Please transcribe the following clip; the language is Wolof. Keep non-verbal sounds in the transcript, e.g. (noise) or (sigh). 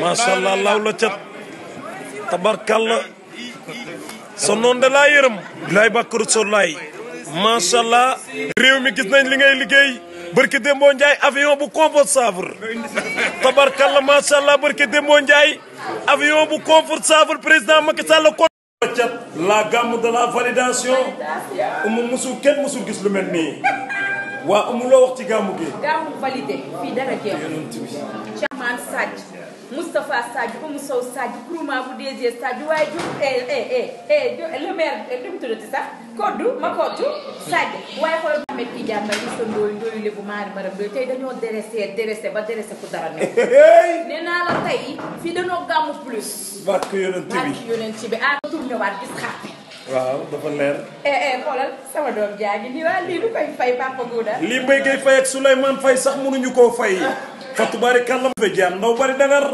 macha allah laaw la cat tabarkalla sa noon da laa yërëm bilaay bàkkaru sollaay macha allah réew mi gis nañ li ngay liggéey barke Dembo Ndiaye avion bu confortable tabarkalla macha allah barke Dembo Ndiaye avion bu confortable président Macky Sall cat la gamme de la validation umu musul kenn musul gis lu mel nii waa umu loo wax ci gàmmu gi Ousmane Sadji Moustapha Sadji Oumou Sow Sadji Kourouma bu DG Sadji waaye Diouf eh, eh, eh, le maire li mu sax Koddu Makoddu Sadji waaye xool Mouhamed Tidiane Mbaye ba déressé ku dara ne (laughs) nee naa la tey fii dañoo gàmmu plus barke yonent bi barke yonent bi ah, waat gis xaar waaw dafa leer. xoolal sama doom jaa ngi nii waa lii du koy fay Papa Gouda. lii Mbaye Gueye Faye ak Souleymane Faye sax mënuñu koo fay. (laughs) fa tubaarikàlla mu fe jaan ndaw bari dangar